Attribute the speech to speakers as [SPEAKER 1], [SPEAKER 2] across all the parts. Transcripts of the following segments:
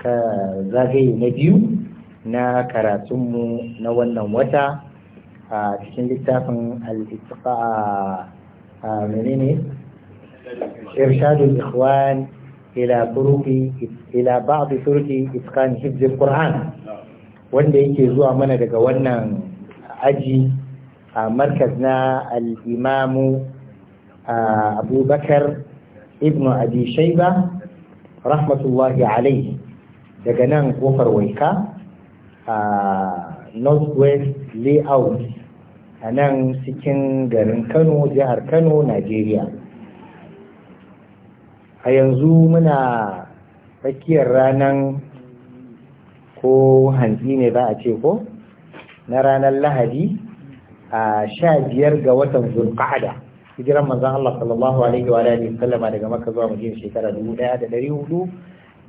[SPEAKER 1] ka zagaye na biyu na karatunmu na wannan wata a cikin littafin al-ittifa a menene irshadul ikhwan ila turuki ila ba'd itqan hifz quran wanda yake zuwa mana daga wannan aji a markaz na al-imamu abubakar ibnu abi shayba rahmatullahi alaihi daga nan kofar waika a northwest layout a nan cikin garin kano jihar kano nigeria a yanzu muna tsakiyar ranar ko hantsi ne ba a ce ko na ranar lahadi a sha biyar ga watan zulqa'ada hijiran manzan Allah sallallahu alaihi wa alihi sallama daga Makka zuwa Madina shekara 1447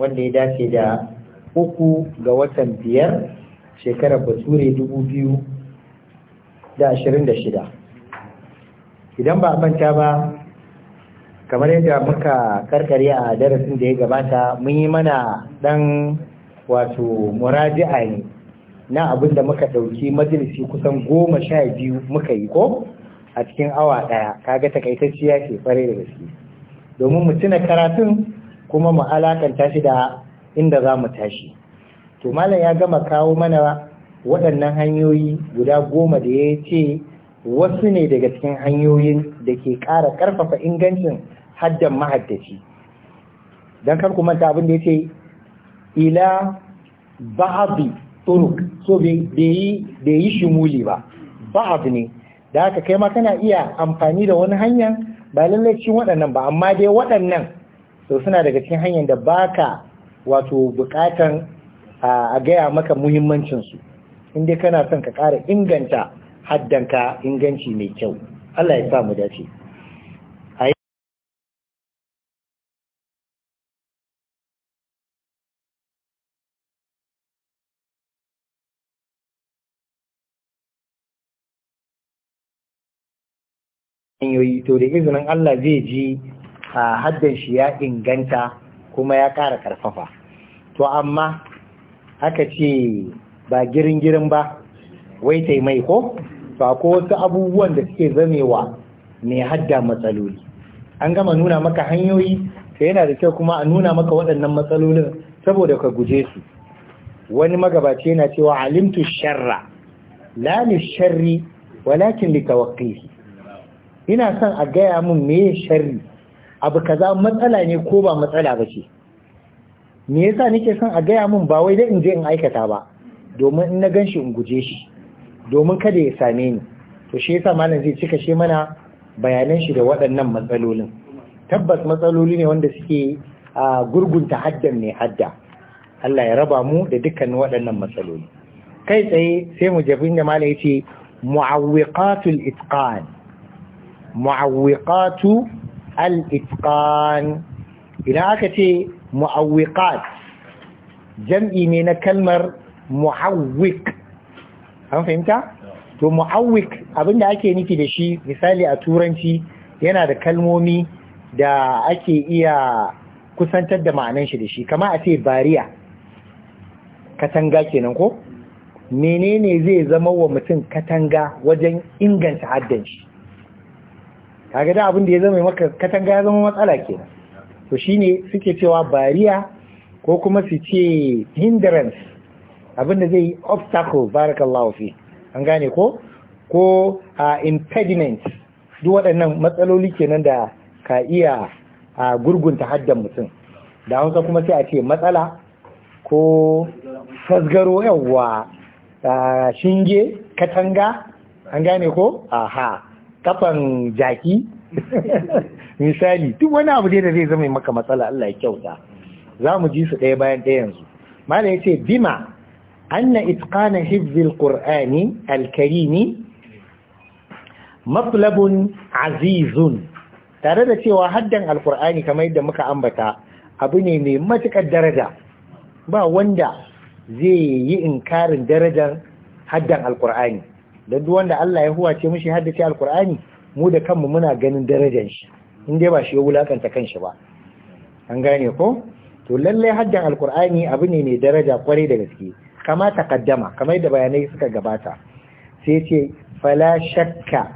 [SPEAKER 1] wanda ya dace da uku ga watan biyar shekarar Bature 2026 idan ba a manta ba kamar yadda muka karkare a darasin da ya gabata mun yi mana dan wato muraji'a ne na abin da muka ɗauki majalisi kusan goma sha biyu muka yi ko a cikin awa ɗaya kaga takaitacciya ce fare da gaske domin mu tuna karatun kuma mu alakanta shi da inda za mu tashi to malam ya gama kawo mana waɗannan hanyoyi guda goma da ya ce wasu ne daga cikin hanyoyin da ke ƙara ƙarfafa ingancin haddan mahaddaci don karku manta abin da ya ce ila ba'abi turuk so bai yi shimuli ba abu ne da haka kai ma kana iya amfani da wani hanya ba lallai cin waɗannan ba amma dai waɗannan so suna daga cikin hanyar da baka wato bukatan a gaya maka muhimmancinsu in dai kana son ka ƙara inganta haddanka inganci mai kyau Allah ya sa mu dace hanyoyi to da izinin Allah zai ji a haddan shi ya inganta kuma ya ƙara karfafa. to amma aka ce ba girin-girin ba wai taimai ko ba ko wasu abubuwan da suke zamewa mai hadda matsaloli an gama nuna maka hanyoyi ta yana da kyau kuma a nuna maka waɗannan matsalolin saboda ka guje su wani magabaci yana cewa alimtu sharra la sharri walakin li tawaqqihi ina son a gaya min me sharri abu kaza matsala ne ko ba matsala ba ce me yasa nake son a gaya min ba wai dai in je in aikata ba domin in na gan shi in guje shi domin kada ya same ni to shi yasa malam zai cika shi mana bayanan shi da waɗannan matsalolin tabbas matsaloli ne wanda suke a gurgunta haddan mai hadda Allah ya raba mu da dukkan waɗannan matsaloli kai tsaye sai mu jabin da malam yace mu'awwiqatul itqan mu'awwiqatu al-itqan idan aka ce mu'awwiqat jam'i ne na kalmar mu'awwiq an fahimta to mu'awwiq abinda ake nufi da shi misali a turanci yana da kalmomi da ake iya kusantar da ma'anan shi da shi kama a ce bariya katanga kenan ko menene zai zama wa mutum katanga wajen inganta haddan shi kaga da abin da ya zama maka katanga ya zama matsala kenan to shine suke cewa bariya ko kuma su ce hindrance abin da zai obstacle barakallahu fi an gane ko ko impediment duk waɗannan matsaloli kenan da ka iya a gurgunta haddan mutum da hausa kuma sai a ce matsala ko fasgaro yawwa shinge katanga an gane ko aha kafan jaki misali duk wani abu dai da zai zama maka matsala Allah ya kyauta za mu ji su ɗaya bayan ɗaya yanzu malam yace bima anna itqana hifzil qur'ani alkarimi matlabun azizun tare da cewa haddan alkur'ani kamar yadda muka ambata abu ne mai matukar daraja ba wanda zai yi inkarin darajar haddan alkur'ani don duk wanda Allah ya huwace mishi haddace alkur'ani mu da kanmu muna ganin darajar shi in dai ba shi ya wulakanta kanshi ba an gane ko to lallai haddan alkur'ani abu ne mai daraja kwarai da gaske kama taqaddama kamar da bayanai suka gabata sai ce fala shakka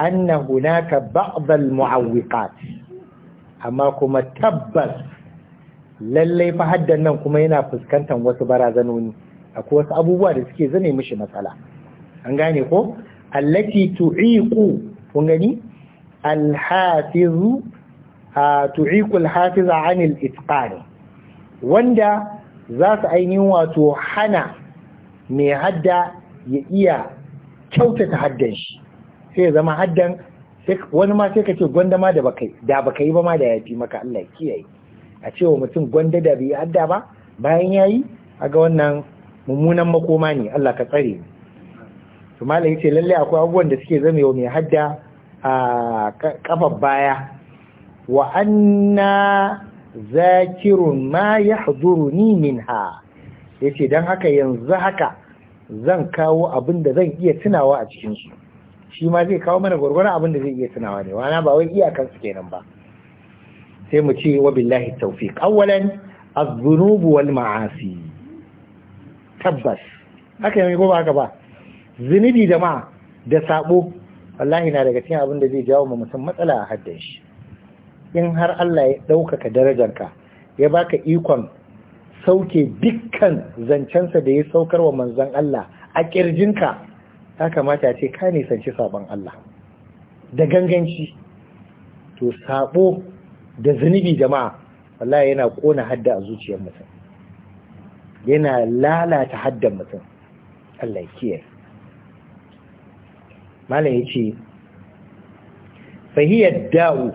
[SPEAKER 1] anna hunaka ba'd al-mu'awwiqat amma kuma tabbas lallai fa haddan nan kuma yana fuskantar wasu barazanoni akwai wasu abubuwa da suke zane mishi matsala an gane ko allati tu'iqu kun gani al-hafiz tu'iqu al-hafiz 'an al wanda za su ainihin wato hana mai hadda ya iya kyautata haddan shi sai zama haddan wani ma sai ka ce gwanda ma da bakai da bakai ba ma da ya maka Allah kiyaye a cewa mutum gwanda da bai hadda ba bayan yayi aga wannan mummunan makoma ne Allah ka tsare to malam yace lalle akwai abubuwan da suke zame mai hadda a kafar baya wa anna zakirun ma yahduruni minha yace dan haka yanzu haka zan kawo abin da zan iya tunawa a cikin shi ma zai kawo mana gwargwaron abin da zai iya tunawa ne wana ba wai iya kansu kenan ba sai mu ce wa billahi tawfiq awwalan az-dhunub wal ma'asi tabbas haka yayi ko ba haka ba zunubi ma da saɓo, wallahi na daga cikin abin da zai jawo ma mutum matsala a haddan shi in har Allah ya ɗaukaka darajarka ya baka ikon sauke dukkan zancensa da ya saukar wa manzon Allah a ƙirjinka Ya kamata ce ka nisanci sabon Allah da ganganci to saɓo da zunubi jama'a wallahi yana kona hadda a zuciyar mutum yana lalata haddan mutum Allah ya kiyaye malam ya ce fahiyar da'u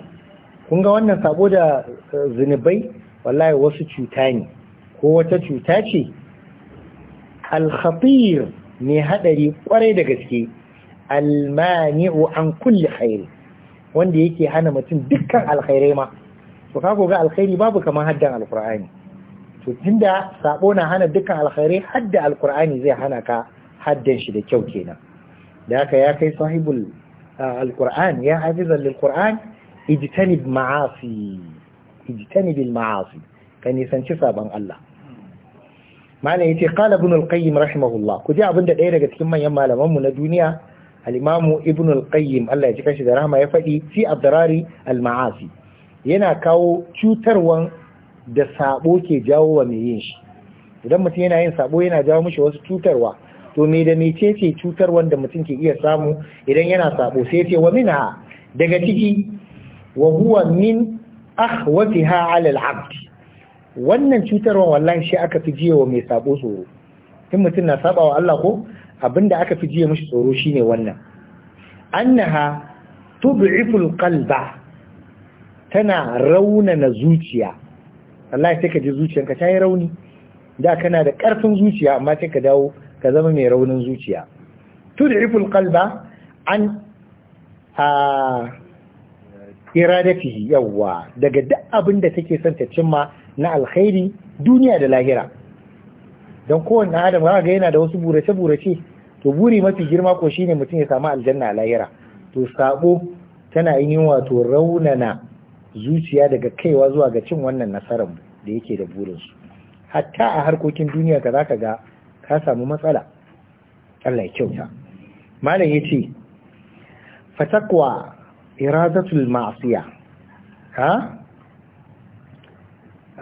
[SPEAKER 1] kun ga wannan sabo da eh, zunubai wallahi wasu cuta ne ko wata cuta ce alhafir ne haɗari kwarai da gaske almani'u an kulle hairi wanda yake hana mutum dukkan alkhairai ma to kako ga alkhairi babu kamar haddan alkur'ani to tunda sabo na hana dukkan alkhairai hadda alkur'ani zai hana ka haddan shi da kyau kenan da haka ya kai sahibul alquran ya hafizan lilquran ijtanib ma'asi ijtanib ma'asi ka nisanci saban Allah mana yace qala ibn al-qayyim rahimahullah ku ji abinda ɗaya daga cikin manyan malaman mu na duniya al-imamu ibn al Allah ya ji kashi da rahama ya faɗi fi abdarari al yana kawo cutarwan da sabo ke jawo wa mai yin shi idan mutum yana yin sabo yana jawo mishi wasu cutarwa to me da mece ce cutar wanda mutum ke iya samu idan yana sabo sai ce wa mina daga ciki wa huwa min ahwatiha ala al-abd wannan cutar wallahi shi aka fi jiya wa mai sabo tsoro in mutum na saba wa Allah ko abinda aka fi jiya mishi tsoro shine wannan annaha tub'iful qalba tana raunana zuciya Allah sai ka ji zuciyanka ta yi rauni da kana da karfin zuciya amma sai ka dawo ka zama mai raunin zuciya tudriful kalba an a iradatihi yawa daga duk abin da take son ta cimma na alkhairi duniya da lahira don kowane adam ga yana da wasu burace burace to buri mafi girma ko shine mutum ya samu aljanna a lahira to sabo tana yin wato raunana zuciya daga kaiwa zuwa ga cin wannan nasarar da yake da burinsu hatta a harkokin duniya ka za ka ga ka samu matsala Allah ya kyauta malam yace fatakwa iradatul ma'siya ha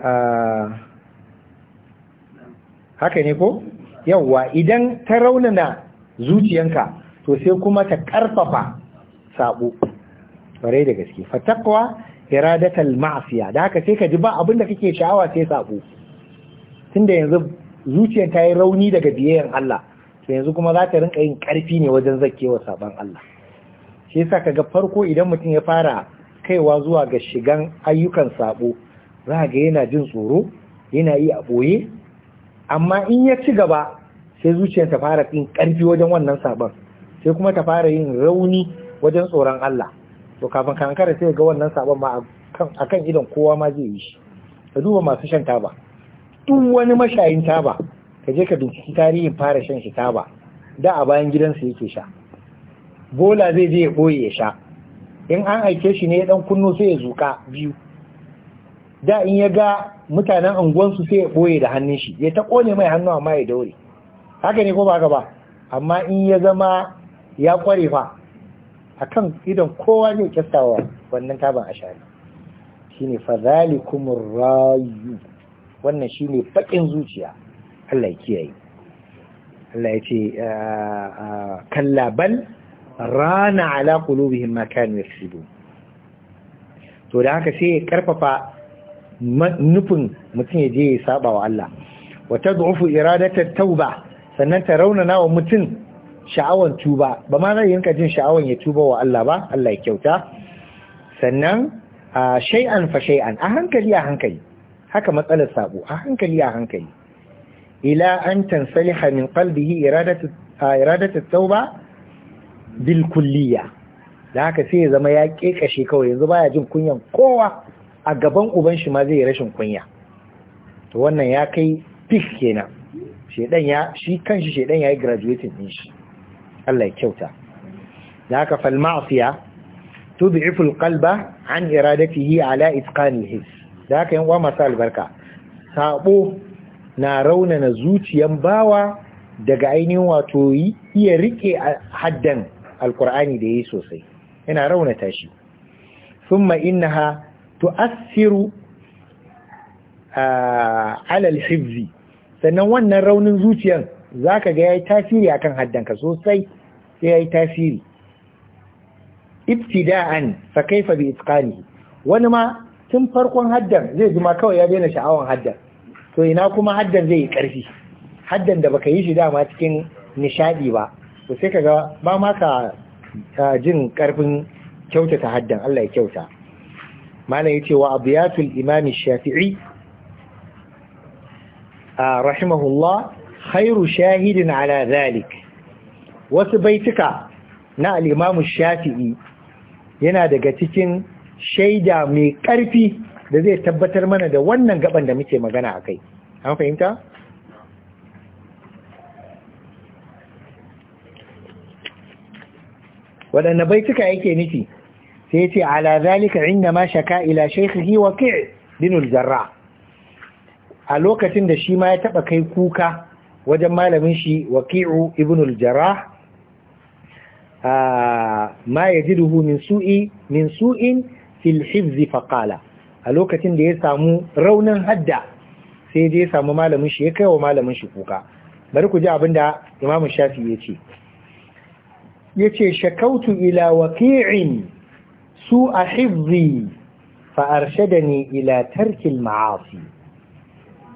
[SPEAKER 1] ah, haka ne ko yawwa idan ta raunana zuciyanka to sai kuma ta karfafa sabo bare da gaske fatakwa iradatul ma'siya da haka sai ka ji ba abinda kake sha'awa sai sabo tunda yanzu zuciyar ta yi rauni daga biyayyar Allah to yanzu kuma za ta rinka yin ƙarfi ne wajen zakewa sabon Allah shi yasa kaga farko idan mutum ya fara kaiwa zuwa ga shigan ayyukan sabo za ga yana jin tsoro yana yi a ɓoye amma in ya ci gaba sai zuciyar ta fara yin ƙarfi wajen wannan sabon sai kuma ta fara yin rauni wajen tsoron Allah to kafin kankara sai ga wannan sabon ma kan idon kowa ma zai yi shi ka duba masu shan taba duk wani mashayin taba ka je ka binciki tarihin fara shan shi taba da a bayan gidansa yake sha bola zai je ya boye ya sha in an aike shi ne dan kunno sai ya zuka biyu da in ya ga mutanen unguwansu sai ya boye da hannun shi ya ta kone mai hannu amma ya daure haka ne ko ba haka ba amma in ya zama ya kware fa akan idan kowa zai kyastawa wannan taban ashari shine fadhalikumur rayu wannan shi ne faƙin zuciya Allah ya kiyaye Allah ya ce ah, ah, kalla rana ala qulubihim ma kanu to da haka sai ya karfafa nufin mutum ya je ya saba wa Allah wa irada iradatat tauba sannan ta raunana wa mutum sha'awan tuba ba ma zai yinka jin sha'awan ya tuba wa Allah ba Allah ya kyauta sannan ah, shay'an fa shay'an a hankali a hankali haka matsalar sabo a hankali a hankali ila an tansaliha min qalbihi iradatu tauba bil kulliya da haka sai ya zama ya kekashe kawai yanzu baya jin kunyan kowa a gaban uban shi ma zai rashin kunya to wannan ya kai fik kenan shedan ya shi kanshi shedan yayi graduating din shi Allah ya kyauta da haka fal ma'siya tud'ifu al qalba an iradatihi ala itqani his da haka yan uwa masu albarka sabo na raunana zuciyan bawa daga ainihin wato iya rike haddan alkur'ani da yi sosai yana raunata shi summa innaha tu'assiru ala sannan wannan raunin zuciyan zaka ga yayi tasiri akan haddanka sosai sai yayi tasiri ibtida'an fa kaifa bi itqani wani ma tun farkon haddan zai zuma kawai ya daina sha'awan haddan to ina kuma haddan zai yi ƙarfi haddan da baka yi shi dama cikin nishadi ba to sai kaga ba ma ka jin ƙarfin kyautata haddan Allah ya kyauta malam yace wa abiyatul imami shafi'i rahimahullah khairu shahidin ala zalik wasu baituka na al-imamu shafi'i yana daga cikin shaida mai ƙarfi da zai tabbatar mana da wannan gaban da muke magana a kai an fahimta? waɗanne baituka yake nufi sai ce ala zalika inda ma shaka ila shaikhihi wa ke binul zarra. a lokacin da shi ma ya taɓa kai kuka wajen malamin shi waki'u ibnul jara ma ya min su'i min su'in fil hizzi faqala a lokacin da ya samu raunin hadda sai dai ya samu malamin shi ya kai wa malamin shi kuka bari ku ji abin da Imam Shafi ya ce yace shakautu ila waqi'in su a hizzi fa arshadani ila tarki al-ma'asi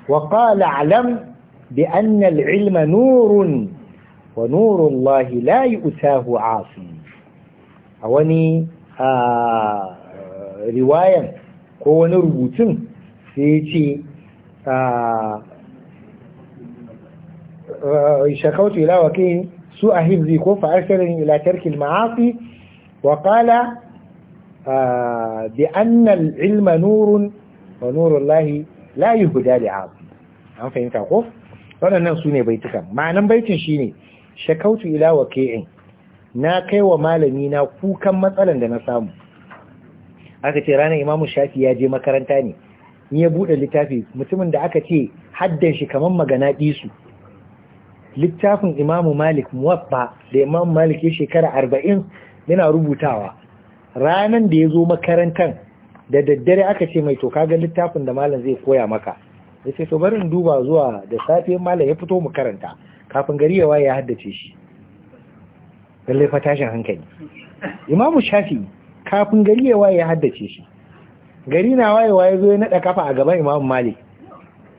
[SPEAKER 1] wa qala alam bi anna al-ilma nurun wa nuru Allah la yu'tahu 'asi a wani ah, riwayan ko wani rubutun sai ce shakautu ilawa wakil su a hibzi ko fa'arsarin ila tarkil ma'afi wa kala bi anna ilma nurun wa nurun lahi la yuhda li'ab an fahimta ko waɗannan su ne baitukan ma'anan baitin ne shakautu ilawa waki'in na kai wa malami na kukan matsalan da na samu aka ce ranar imamu shafi ya je makaranta ne in ya buɗe littafi mutumin da aka ce haddan shi kamar magana ɗisu littafin imamu malik muwabba da imamu malik ya shekara arba'in yana rubutawa ranar da ya zo makarantar da daddare aka ce mai to ga littafin da malam zai koya maka ya ce barin duba zuwa da safe malam ya fito mu karanta kafin gari ya waye ya haddace shi lallai fa tashin hankali imamu shafi kafin gari ya waye ya haddace shi gari na waye ya zo ya naɗa kafa a gaban imamu malik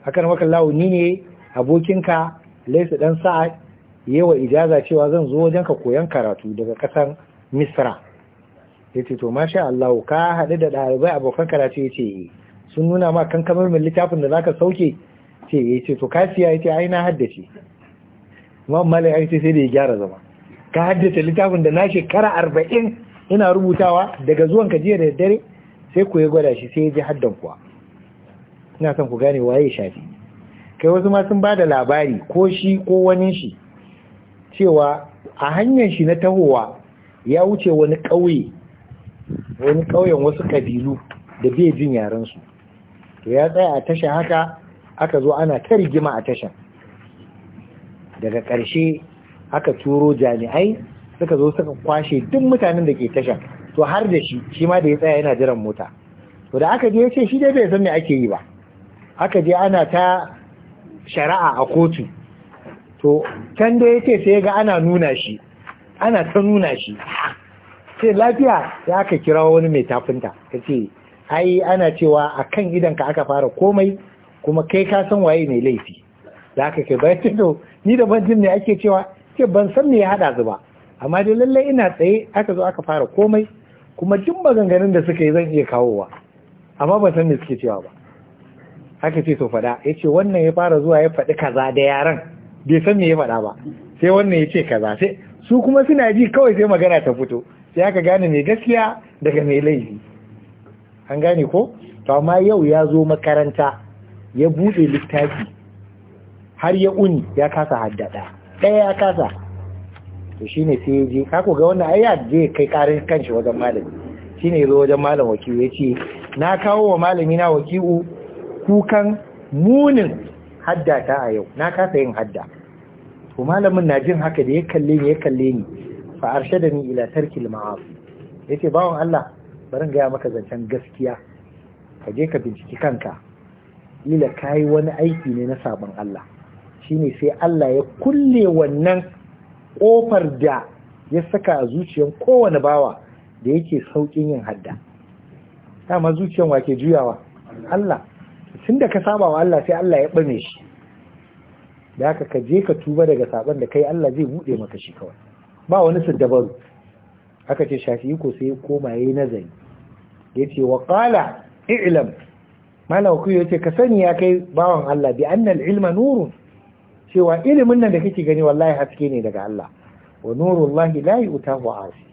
[SPEAKER 1] akan maka lawo ni ne abokinka laisa dan sa'ad yawa ijaza cewa zan zo wajen ka koyan karatu daga kasan misra ya ce to masha Allah ka haɗu da ɗalibai abokan karatu ya ce eh. sun nuna ma kan kamar min littafin da zaka sauke ce eh. ya to ka siya ya ai na haddace imam malik ai sai da ya gyara zama ka haddace littafin da na shekara arba'in ina rubutawa daga zuwan ka jiya da daddare, sai ku ya gwada shi sai ya ji haddan kuwa ina son ku gane waye shafi kai wasu ma sun ba da labari ko shi ko wani shi cewa a hanyar shi na tahowa ya wuce wani ƙauye wani ƙauyen wasu kabilu da bai jin yarensu to ya tsaya a tasha haka aka zo ana ta rigima a tasha daga ƙarshe aka turo jami'ai suka zo suka kwashe duk mutanen da ke tashan to har da shi shi ma da ya tsaya yana jiran mota to da aka je ya ce shi dai bai san me ake yi ba aka je ana ta shari'a a kotu to can da ya ce sai ga ana nuna shi ana ta nuna shi sai lafiya ya aka kira wani mai tafinta ka ce ai ana cewa a kan ka aka fara komai kuma kai ka san waye ne laifi da aka kai bayan ni da ban jin ne ake cewa ce ban san me ya hada su ba amma dai lallai ina tsaye aka zo aka fara komai kuma duk maganganun da suka yi zan iya kawowa amma ban san me suke cewa ba haka ce to faɗa ya ce wannan ya fara zuwa ya faɗi kaza da yaran bai san me ya faɗa ba sai wannan ya ce kaza sai su kuma suna ji kawai sai magana ta fito sai aka gane mai gaskiya daga mai laifi an gane ko to amma yau ya zo makaranta ya buɗe littafi har ya uni ya kasa haddada ɗaya ya kasa to shine sai ya je kako ga wannan ai ya je kai karin kanshi wajen malami shine zo wajen malam Wakilu ya ce na kawo wa malami na wakiu kukan munin hadda ta a yau na kasa yin hadda to malamin na jin haka da ya kalle ni ya kalle ni fa ni ila tarkil ma'asi yace bawon Allah bari gaya maka zancen gaskiya ka je ka binciki kanka ila kayi wani aiki ne na sabon Allah shine sai Allah ya kulle wannan ƙofar da ya saka a zuciyar kowane bawa da yake sauƙin yin hadda dama zuciyar wa ke juyawa Allah sun da ka saba wa Allah sai Allah ya ɓane shi da haka ka je ka tuba daga saban da kai Allah zai buɗe maka shi kawai ba wani su dabaru aka ce shafi ko sai ya koma ya yi nazari ya ce wa ƙala ilm malam ku ya ce ka sani ya kai bawan Allah bi annal ilma nurun cewa ilimin nan da kake gani wallahi haske ne daga Allah wa nurullahi la yutahu asi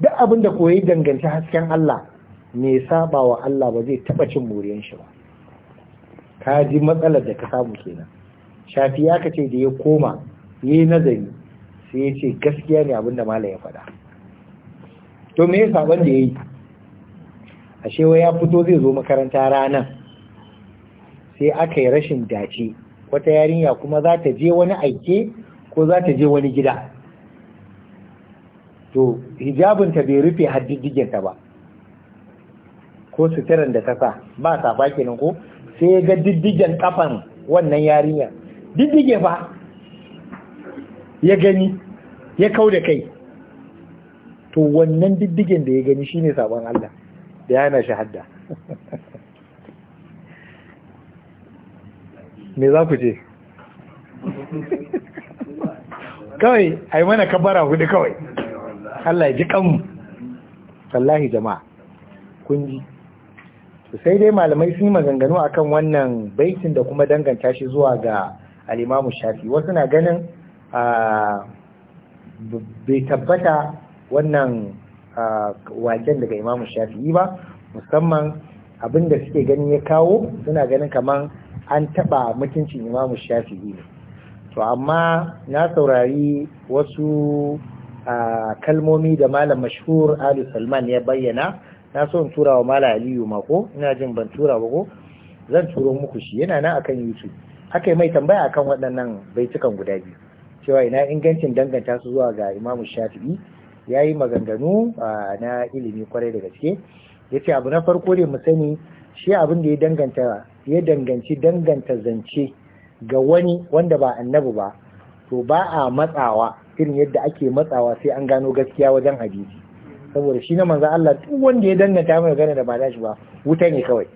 [SPEAKER 1] duk abin da koyi danganci hasken Allah ne saba wa Allah ba zai taba cin muriyan shi ba ka ji matsalar da ka samu kenan shafi ya kace da ya koma yayi nazari sai ya ce gaskiya ne abin da malam ya faɗa to me yasa wanda yayi ashe wai ya fito zai zo makaranta ranan sai aka yi rashin dace wata yarinya kuma za ta je wani aike ko za ta je wani gida to hijabinta bai rufe haddidiginta ba ko suturan da ta sa ba baki nan ko sai ya ga diddigen kafan wannan yarinya diddige ba ya gani ya kau da kai to wannan diddigen da ya gani shi ne sabon Allah da yana shahada me za ku ce kawai a yi mana kabara hudu kawai Allah ya ji kanmu wallahi jama'a kunji sai dai malamai sun yi maganganu akan wannan baitin da kuma danganta shi zuwa ga alimamu shafi wasu na ganin bai tabbata wannan waken daga imamu shafi ba musamman abin da suke ganin ya kawo suna ganin kamar an taɓa mutuncin imamu shafi'i ne to amma na saurari wasu kalmomi da malam mashhur ali salman ya bayyana na so in tura wa malam aliyu mako ina jin ban tura ba ko zan turo muku shi yana nan akan youtube aka yi mai tambaya akan waɗannan baitukan guda biyu cewa ina ingancin danganta su zuwa ga imamu shafi'i ya yi maganganu na ilimi kwarai da gaske ya ce abu na farko ne mu sani shi abin da ya danganta ya danganci danganta zance ga wani wanda ba annabi ba to ba a matsawa irin yadda ake matsawa sai an gano gaskiya wajen hadisi saboda shi na manzo Allah duk wanda ya danganta mai gane da ba shi ba wuta ne kawai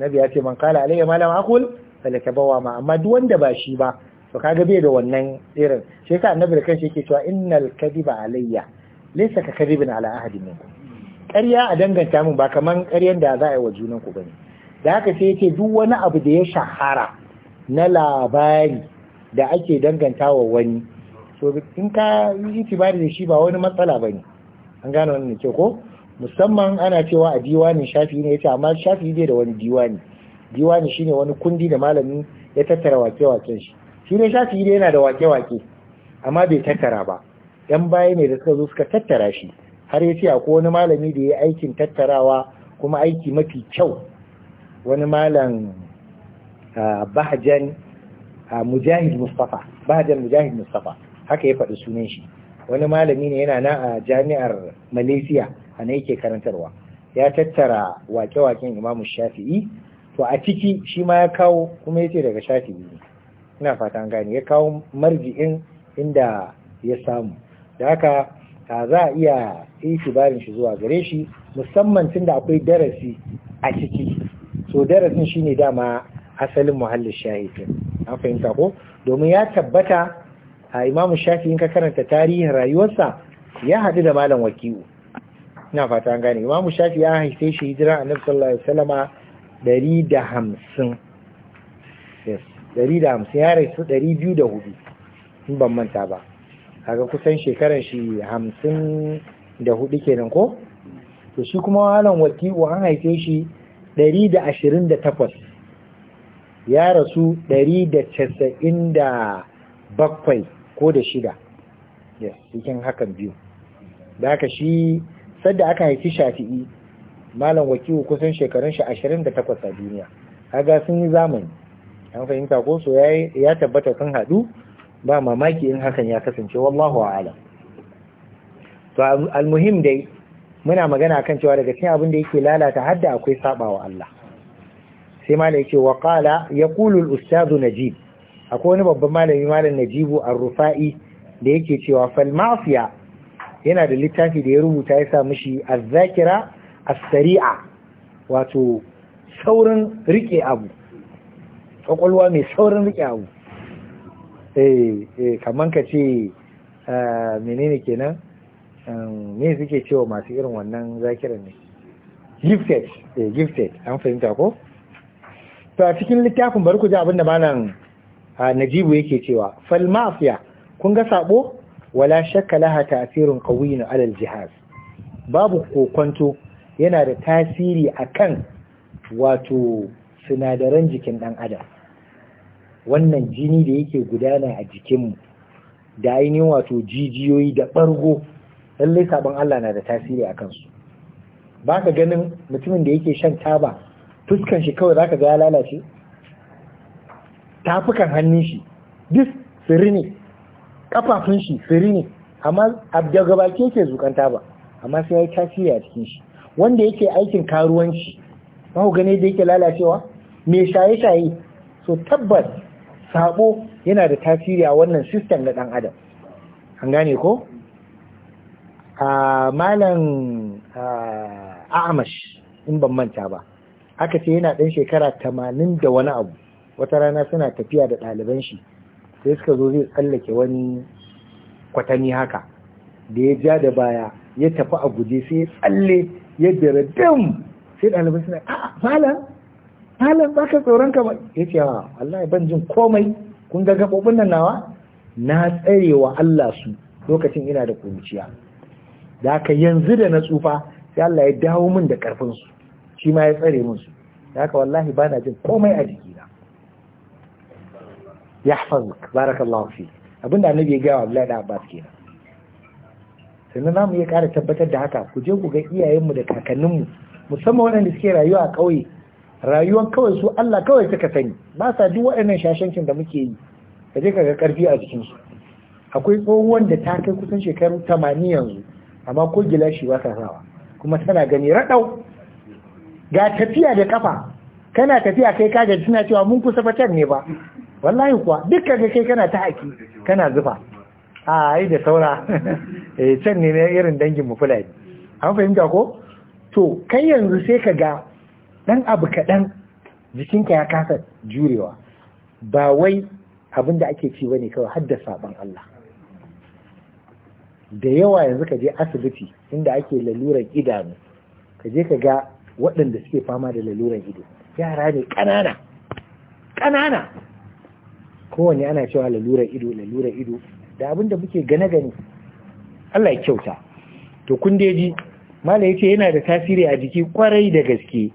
[SPEAKER 1] nabi ya ce man kala alayya malam aqul falakabawa ma amma duk wanda ba shi ba to kaga bai da wannan irin shi ka annabi da kanshi yake cewa innal kadiba alayya laysa ka kadibin ala ahadin minkum ƙarya a danganta mun ba kaman ƙaryan da za a yi wa junan ku bane da haka sai yake duk wani abu da ya shahara na labari da ake danganta wa wani so in ka yi itibari da shi ba wani matsala ba ne an gane wani ke ko musamman ana cewa a diwanin shafi ne ce amma shafi bai da wani diwani diwani ne wani kundi da malami ya tattara wake-waken shi shi ne shafi dai yana da wake-wake amma bai tattara ba yan baya ne da suka zo suka tattara shi har ya ce akwai wani malami da ya aikin tattarawa kuma aiki mafi kyau wani malam bahajan mujahid mustafa bahajan mujahid mustafa haka ya faɗi sunan shi wani malami ne yana na a jami'ar malaysia a na yake karantarwa ya tattara wake-waken imamu shafi'i to a ciki shi ma ya kawo kuma yace daga shafi'i ne ina fatan gani ya kawo marji'in inda ya samu da haka za a iya itibarin shi zuwa gare shi musamman tun da akwai darasi a ciki so darasin shine dama asalin muhallin shahidin an fahimta ko domin ya tabbata a imamu shafi in ka karanta tarihin rayuwarsa ya haɗu da malam wakiwu ina fata an gane imamu shafi ya haife shi hijira nufin sallallahu alaihi salama ɗari da hamsin ɗari da hamsin ya raisu ɗari biyu da hudu in ban manta ba kaga kusan shekaran shi hamsin da hudu kenan ko to shi kuma malam wakiwu an haife shi 128 ya rasu 197 ko da shida ya cikin hakan biyu da haka shi sadda aka haifi shafi'i malam wakilu kusan shekarun shi 28 a duniya haga sun yi zamani an fahimta ko so ya tabbata sun haɗu ba mamaki in hakan ya kasance wallahu a'lam to almuhim dai muna magana kan cewa daga cikin abin da yake lalata hadda akwai sabawa Allah sai ma yake wa qala yaqulu al ustadh najib akwai wani babban malami malam najibu ar-rufa'i da yake cewa fal mafiya yana da littafi da ya rubuta ya sa mishi az-zakira as-sari'a wato saurin rike abu kwakwalwa mai saurin rike abu eh eh kaman ka ce ah, menene kenan me suke cewa masu irin wannan zakiran ne gifted eh gifted an fahimta ko to a cikin littafin bari ku ji abin da malam najibu yake cewa fal mafia kun ga sabo wala shakka laha ta'sirun qawiyyun ala al jihaz babu kokonto yana da tasiri akan wato sinadaran jikin dan adam wannan jini da yake gudana a jikinmu da ainihin wato jijiyoyi da ɓargo lallai sabon Allah na da tasiri a kansu ba ka ganin mutumin da yake shan taba fuskan shi kawai zaka ga ya lalace tafukan hannun shi duk firi ne kafafun shi firi ne amma yake zukan taba amma sai ya yi tasiri a cikin shi wanda yake aikin karuwanci ba ku da yake lalacewa me shaye-shaye so tabbas sabo yana da tasiri a wannan sistem na dan adam an gane ko malam a'amash in ban manta ba aka ce yana ɗan shekara tamanin da wani abu wata rana suna tafiya da ɗaliban shi sai suka zo zai tsallake wani kwatani haka da ya ja da baya ya tafi a guje sai ya tsalle ya jira dam sai ɗaliban suna a malam malam ba ka tsoron ka ba ya ce wa wallahi ban jin komai kun ga gaɓoɓin nan nawa na tsarewa Allah su lokacin ina da kuruciya da aka yanzu da na tsufa sai Allah ya dawo min da ƙarfinsu, shi ma ya tsare min su da aka wallahi ba na jin komai a jikina yahfazuk barakallahu fi abinda annabi ya ga wa Abdullahi da Abbas kenan sannan zamu iya ƙara tabbatar da haka ku je ku ga iyayenmu da kakanninmu musamman waɗanda suke rayuwa a ƙauye Rayuwan kawai su Allah kawai suka sani ba sa duk waɗannan shashankin da muke yi ka je ka ga ƙarfi a jikinsu akwai tsohuwan da ta kai kusan shekaru tamanin yanzu amma ko gilashi ba ta sawa kuma tana gani raɗau ga tafiya da kafa kana tafiya kai kaga suna cewa mun kusa fatar ne ba wallahi kuwa duk ga kai kana ta haki kana zufa a ai da saura eh can ne na irin dangin mu fulani an fahimta ko to kai yanzu sai ka ga dan abu kaɗan jikinka ya kasa jurewa ba wai abin da ake ci bane kawai haddasa ban Allah da yawa yanzu ka je asibiti inda ake laluran idanu ka je ka ga waɗanda suke fama da laluran ido yara ne ƙanana ƙanana kowane ana cewa laluran ido laluran ido da abin da muke gane gani Allah ya kyauta to kun deji mala yace yana da tasiri a jiki kwarai da gaske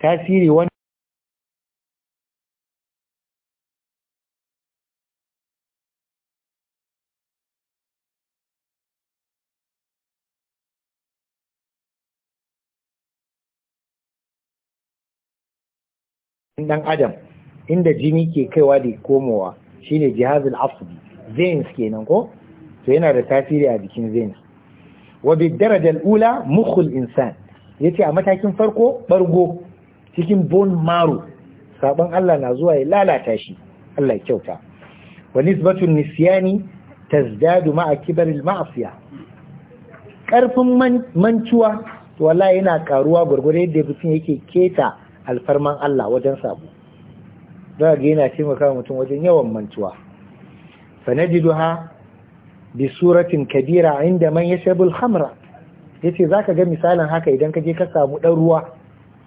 [SPEAKER 1] tasiri wani dan adam inda jini ke kaiwa da komowa shine jihazul asbi veins kenan ko to yana da tasiri a jikin veins wa bi ula mukhul insan yace a matakin farko bargo cikin bone marrow sabon Allah na zuwa ya lalata shi Allah kyauta wa nisbatu nisyani tazdadu ma'a kibaril ma'asiya karfin mantuwa wallahi yana karuwa gurgure yadda mutum yake keta alfarman Allah wajen sabo za ga yana taimaka mutum wajen yawan mantuwa ha bi suratin kabira inda man ya ya ce za ka ga misalin haka idan ka je ka samu ɗan ruwa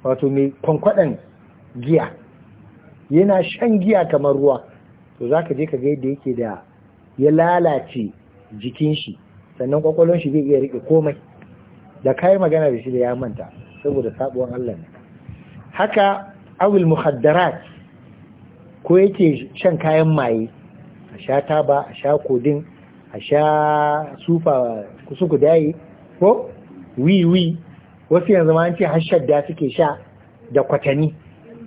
[SPEAKER 1] wato mai kwankwaɗan giya yana shan giya kamar ruwa to za ka je ka ga yadda yake da ya lalace jikin shi sannan kwakwalon shi zai iya rike komai da kayi magana da shi da ya manta saboda sabuwar Allah ne haka awil muhaddarat ko yake shan kayan maye a sha taba a sha kodin a sha sufa kusa daye ko wiwi wasu yanzu ma an ce har da suke sha da kwatani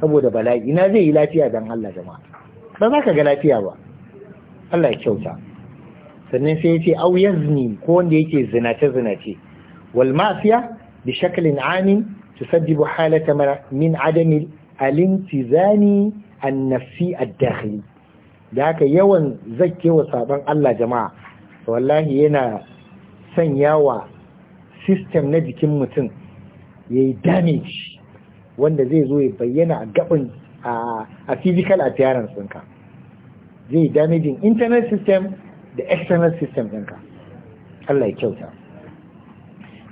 [SPEAKER 1] saboda bala'i ina zai yi lafiya don Allah jama'a ba za ka ga lafiya ba Allah ya kyauta sannan sai yace au yazni ko wanda yake zinace zinace wal ma'siya bi shaklin amin تسبب حالة من عدم الانتزام النفسي الداخلي da haka yawan zakewa sabon Allah jama'a wallahi yana sanyawa system na jikin mutum ya yi damage wanda zai zo ya bayyana a gaban a physical appearance ɗinka zai damaging internal system da external system ɗinka Allah ya kyauta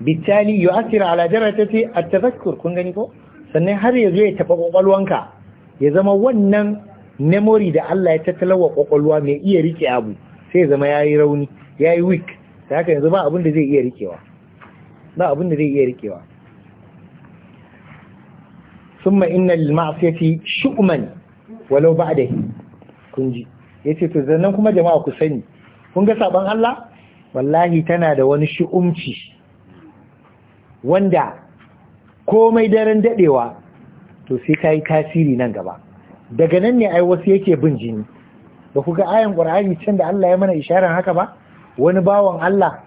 [SPEAKER 1] bitali yu'assiru ala jaratati at-tafakkur kun gani ko sannan har ya zo ya taba kwakwalwanka ya zama wannan memory da Allah ya tattalawa ƙwaƙwalwa mai iya rike abu sai ya zama ya yi rauni ya yi wik. ta haka yanzu ba abin da zai iya rikewa ba abin da zai iya rikewa summa inna lil ma'siyati shu'man walau ba ba'dahi kun ji Ya ce to zannan kuma jama'a ku sani kun ga saban Allah wallahi tana da wani shu'umci wanda komai daren daɗewa to sai ka yi tasiri nan gaba daga nan ne ai wasu yake bin jini ba ku ga ayan ƙwararri can da Allah ya mana isharar haka ba wani bawan Allah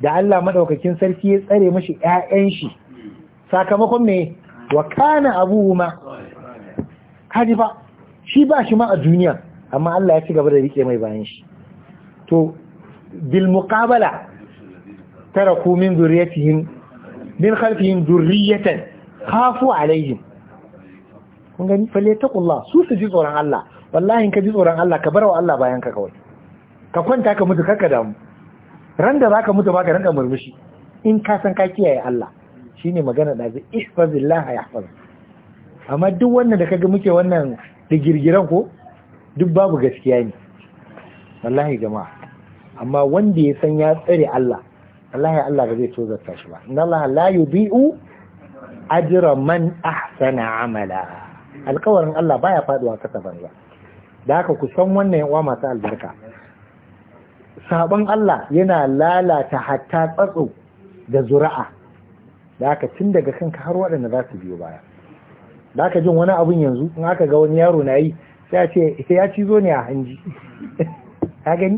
[SPEAKER 1] da Allah maɗaukakin sarki ya tsare mashi yayan shi sakamakon me wa kana ma. haji ba shi ba shi ma a duniya amma Allah ya ci gaba da riƙe mai bayan shi to bil muqabala taraku min yin. min khalfihim zurriyatan khafu alaihim kun gani falle taqullah su su ji tsoron Allah wallahi ka ji tsoron Allah ka bar Allah bayan ka kawai ka kwanta ka mutu kakka damu ran da zaka mutu baka ranka murmushi in ka san ka kiyaye Allah shine magana da zai ihfazillah yahfaz amma duk wannan da kaga muke wannan da girgiran ko duk babu gaskiya ne wallahi jama'a amma wanda ya san ya tsare Allah ya Allah ba zai tozarta shi ba inna Allah la yudhi'u ajra man ahsana amala alƙawarin Allah baya faduwa kasa banza da haka ku san wannan yawa masu albarka sabon Allah yana lalata hatta tsatso da zura'a da haka tun daga kanka har waɗanda za su biyo baya da haka jin wani abun yanzu in aka ga wani yaro na yi sai ce eh, ya cizo ne a hanji ka gani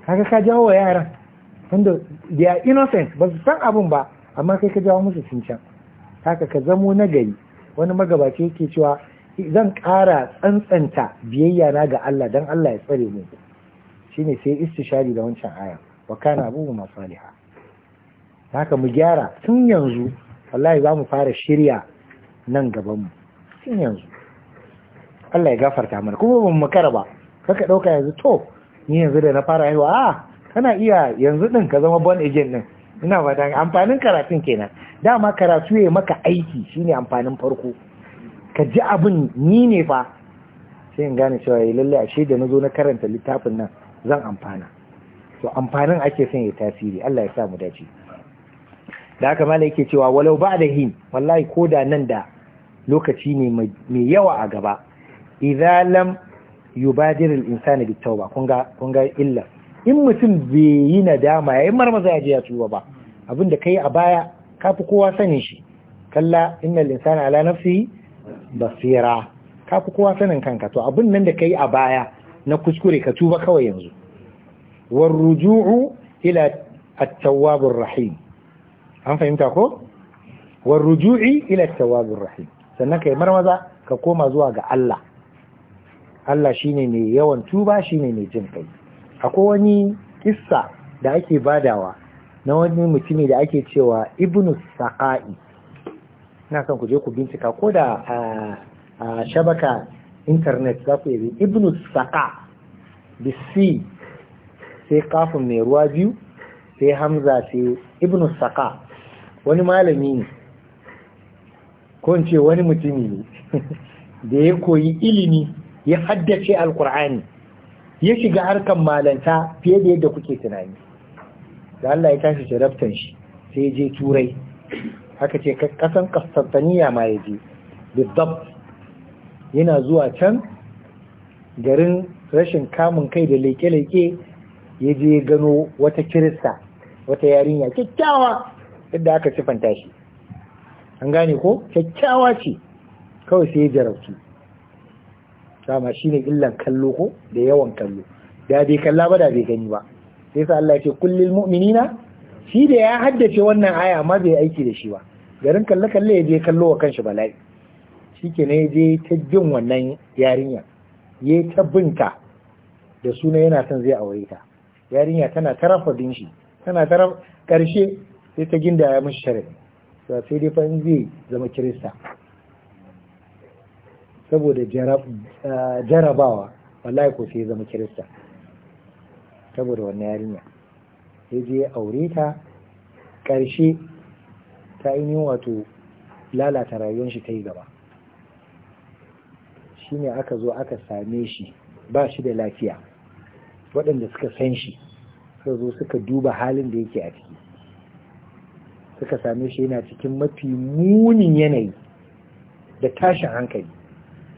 [SPEAKER 1] Ka ga ka jawo wa yaran wanda they are innocent ba su san abin ba amma kai ka jawo musu cincan haka ka zamo na gari wani magabaci yake cewa zan ƙara tsantsanta biyayya na ga Allah dan Allah ya tsare mu shine sai istishari da wancan aya wa kana ma saliha haka mu gyara tun yanzu wallahi za mu fara shirya nan gaban mu. tun yanzu Allah ya gafarta mana kuma mu makara ba kaka ɗauka yanzu to ni yanzu da na fara haihuwa a ah, kana iya yanzu din ka zama born again din ina fata amfanin karatun kenan dama karatu ya maka aiki shine amfanin farko ka ji abin ni ne fa sai in gane cewa ya eh, lalle ashe da nazo na karanta littafin nan zan amfana to amfanin ake son ya tasiri Allah ya sa mu dace da haka malai yake cewa walau ba da hin wallahi ko da nan da lokaci ne mai yawa a gaba idza lam yubadir al-insani bit tauba kun ga kun ga illa in mutum bai yi nadama yayin marmaza ya je ya tuba ba abin da kai a baya kafi kowa sanin shi kalla innal insana ala nafsihi basira kafi kowa sanin kanka to abin nan da kai a baya na kuskure ka tuba kawai yanzu war ruju'u ila at-tawwab rahim an fahimta ko war ruju'i ila at-tawwab rahim sannan kai marmaza ka koma zuwa ga Allah Allah shine mai yawan tuba shine mai jin kai akwai wani kissa da ake badawa na wani mutumi da ake cewa ibnu saqa'i ina son ku je ku bincika ko da a shabaka internet za ku yi ibnu saqa bi si sai kafin mai ruwa biyu sai hamza sai ibnu saqa wani malami ne ko ce wani mutumi ne da ya koyi ilimi ya haddace alkur'ani ya shiga harkan malanta fiye da yadda kuke tunani da Allah ya tashi jarabtan shi sai je turai haka ce kasan Kastantaniya ma ya je bidab yana zuwa can garin rashin kamun kai da leke-leke ya je gano wata kirista wata yarinya kyakkyawa yadda aka sifanta shi an gane ko kyakkyawa ce kawai sai ya jarabtu dama shine illan kallo ko da yawan kallo da bai kalla ba da bai gani ba sai sa Allah ya ce kullil mu'minina shi da ya haddace wannan aya ma bai aiki da shi ba garin kalle kalle ya je kallo wa kanshi bala'i shikenan ya je ta jin wannan yarinya ya ta binta da suna yana son zai aure ta yarinya tana tarafa din shi tana tarafa karshe sai ta ginda ya mishi sharri sai dai fa in zai zama kirista saboda eh, jarabawa wallahi ko sai zama kirista saboda wannan yarinya ya je aure ta ƙarshe ta ainihin wato lalata rayuwar shi ta yi gaba shi ne aka zo aka same shi ba shi da lafiya waɗanda suka san shi suka zo suka duba halin da yake a ciki suka same shi yana cikin mafi munin yanayi da tashin hankali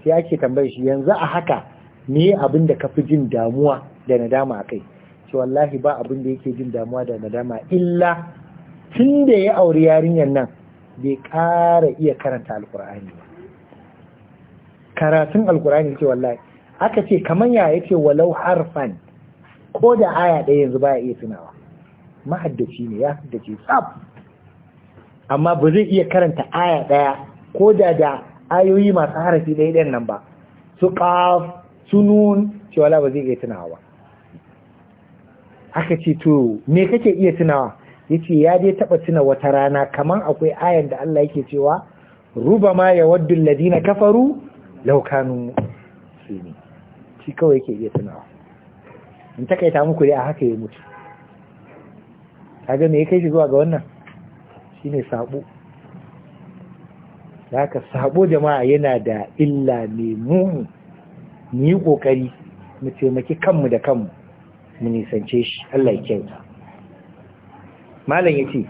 [SPEAKER 1] sai ake tambaye shi yanzu a haka me abin da kafi jin damuwa da nadama a kai ce wallahi ba abin da yake jin damuwa da nadama illa tun da ya auri yarinyar nan bai ƙara iya karanta alkur'ani ba karatun alkur'ani ce wallahi aka ce kamar ya yake walau harfan ko da aya ɗaya yanzu baya iya tunawa mahaddaci ne ya haddace tsaf amma ba zai iya karanta aya ɗaya ko da da ayoyi masu harafi ɗaya nan ba su ƙaf su nun cewa ba zai iya tunawa ba aka ce to me kake iya tunawa yace ya dai taba tuna wata rana kaman akwai ayan da Allah yake cewa ruba rubama yawaddu ladina kafaru law kanu mu'minin shi kawai yake iya tunawa in ta takaita muku dai a haka ya mutu kaga me kai shi zuwa ga wannan shine sabo zaka sabo jama'a yana da illa mai mu yi kokari mu taimaki kanmu da kanmu mu nisance shi Allah ya kyauta malam yace